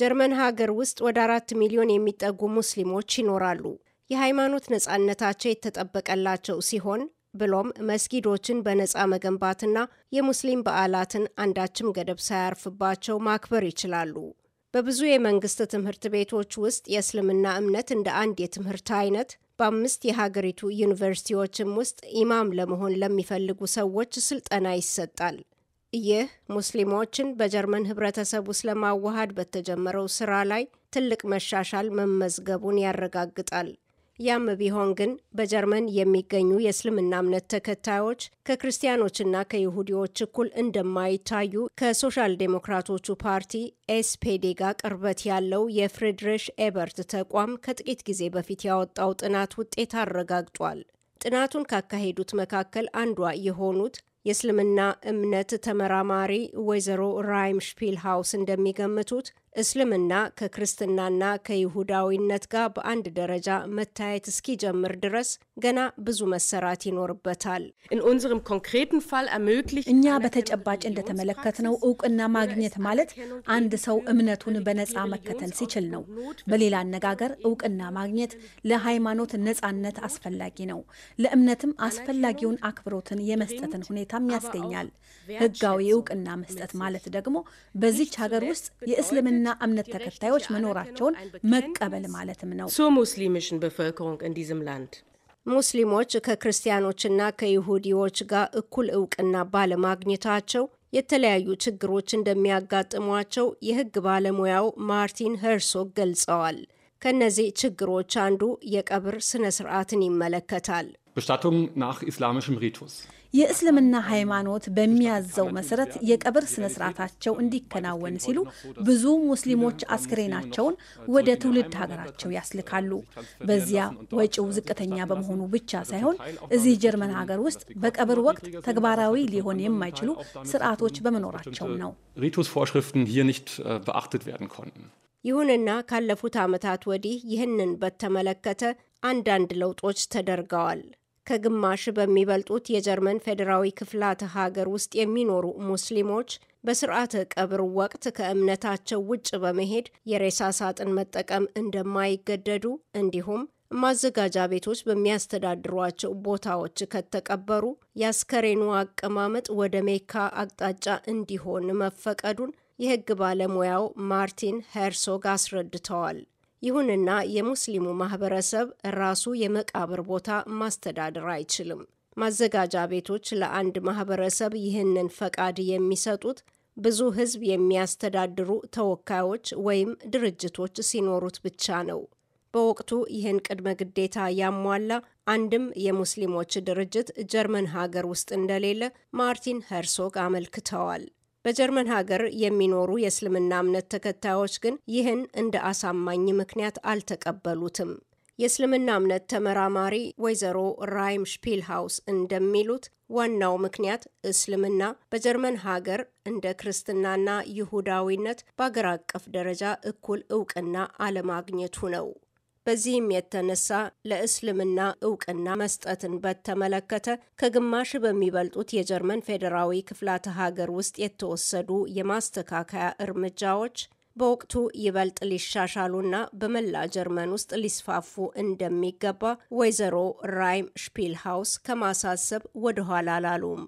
ጀርመን ሀገር ውስጥ ወደ አራት ሚሊዮን የሚጠጉ ሙስሊሞች ይኖራሉ። የሃይማኖት ነጻነታቸው የተጠበቀላቸው ሲሆን ብሎም መስጊዶችን በነጻ መገንባትና የሙስሊም በዓላትን አንዳችም ገደብ ሳያርፍባቸው ማክበር ይችላሉ። በብዙ የመንግስት ትምህርት ቤቶች ውስጥ የእስልምና እምነት እንደ አንድ የትምህርት አይነት በአምስት የሀገሪቱ ዩኒቨርሲቲዎችም ውስጥ ኢማም ለመሆን ለሚፈልጉ ሰዎች ስልጠና ይሰጣል። ይህ ሙስሊሞችን በጀርመን ህብረተሰብ ውስጥ ለማዋሃድ በተጀመረው ስራ ላይ ትልቅ መሻሻል መመዝገቡን ያረጋግጣል። ያም ቢሆን ግን በጀርመን የሚገኙ የእስልምና እምነት ተከታዮች ከክርስቲያኖችና ከይሁዲዎች እኩል እንደማይታዩ ከሶሻል ዴሞክራቶቹ ፓርቲ ኤስፔዴ ጋር ቅርበት ያለው የፍሬድሪሽ ኤበርት ተቋም ከጥቂት ጊዜ በፊት ያወጣው ጥናት ውጤት አረጋግጧል። ጥናቱን ካካሄዱት መካከል አንዷ የሆኑት የእስልምና እምነት ተመራማሪ ወይዘሮ ራይም ሽፒልሃውስ እንደሚገምቱት እስልምና ከክርስትናና ከይሁዳዊነት ጋር በአንድ ደረጃ መታየት እስኪጀምር ድረስ ገና ብዙ መሰራት ይኖርበታል። እኛ በተጨባጭ እንደተመለከትነው እውቅና ማግኘት ማለት አንድ ሰው እምነቱን በነፃ መከተል ሲችል ነው። በሌላ አነጋገር እውቅና ማግኘት ለሃይማኖት ነፃነት አስፈላጊ ነው። ለእምነትም አስፈላጊውን አክብሮትን የመስጠትን ሁኔታም ያስገኛል። ህጋዊ እውቅና መስጠት ማለት ደግሞ በዚች ሀገር ውስጥ የእስልምና የእስልምና እምነት ተከታዮች መኖራቸውን መቀበል ማለትም ነው። ሙስሊሞች ከክርስቲያኖችና ከይሁዲዎች ጋር እኩል እውቅና ባለማግኘታቸው የተለያዩ ችግሮች እንደሚያጋጥሟቸው የህግ ባለሙያው ማርቲን ሄርሶግ ገልጸዋል። ከነዚህ ችግሮች አንዱ የቀብር ስነ ስርዓትን ይመለከታል። Bestattung nach islamischem Ritus. የእስልምና ሃይማኖት በሚያዘው መሰረት የቀብር ስነ ስርዓታቸው እንዲከናወን ሲሉ ብዙ ሙስሊሞች አስክሬናቸውን ወደ ትውልድ ሀገራቸው ያስልካሉ። በዚያ ወጪው ዝቅተኛ በመሆኑ ብቻ ሳይሆን እዚህ ጀርመን ሀገር ውስጥ በቀብር ወቅት ተግባራዊ ሊሆን የማይችሉ ስርዓቶች በመኖራቸው ነው። äh, ይሁንና ካለፉት ዓመታት ወዲህ ይህንን በተመለከተ አንዳንድ ለውጦች ተደርገዋል። ከግማሽ በሚበልጡት የጀርመን ፌዴራዊ ክፍላተ ሀገር ውስጥ የሚኖሩ ሙስሊሞች በስርዓተ ቀብር ወቅት ከእምነታቸው ውጭ በመሄድ የሬሳ ሳጥን መጠቀም እንደማይገደዱ እንዲሁም ማዘጋጃ ቤቶች በሚያስተዳድሯቸው ቦታዎች ከተቀበሩ የአስከሬኑ አቀማመጥ ወደ ሜካ አቅጣጫ እንዲሆን መፈቀዱን የሕግ ባለሙያው ማርቲን ሄርሶግ አስረድተዋል። ይሁንና የሙስሊሙ ማህበረሰብ ራሱ የመቃብር ቦታ ማስተዳደር አይችልም። ማዘጋጃ ቤቶች ለአንድ ማህበረሰብ ይህንን ፈቃድ የሚሰጡት ብዙ ህዝብ የሚያስተዳድሩ ተወካዮች ወይም ድርጅቶች ሲኖሩት ብቻ ነው። በወቅቱ ይህን ቅድመ ግዴታ ያሟላ አንድም የሙስሊሞች ድርጅት ጀርመን ሀገር ውስጥ እንደሌለ ማርቲን ሄርሶግ አመልክተዋል። በጀርመን ሀገር የሚኖሩ የእስልምና እምነት ተከታዮች ግን ይህን እንደ አሳማኝ ምክንያት አልተቀበሉትም። የእስልምና እምነት ተመራማሪ ወይዘሮ ራይም ሽፒልሃውስ እንደሚሉት ዋናው ምክንያት እስልምና በጀርመን ሀገር እንደ ክርስትናና ይሁዳዊነት በአገር አቀፍ ደረጃ እኩል እውቅና አለማግኘቱ ነው። በዚህም የተነሳ ለእስልምና እውቅና መስጠትን በተመለከተ ከግማሽ በሚበልጡት የጀርመን ፌዴራዊ ክፍላተ ሀገር ውስጥ የተወሰዱ የማስተካከያ እርምጃዎች በወቅቱ ይበልጥ ሊሻሻሉና በመላ ጀርመን ውስጥ ሊስፋፉ እንደሚገባ ወይዘሮ ራይም ሽፒልሃውስ ከማሳሰብ ወደኋላ አላሉም።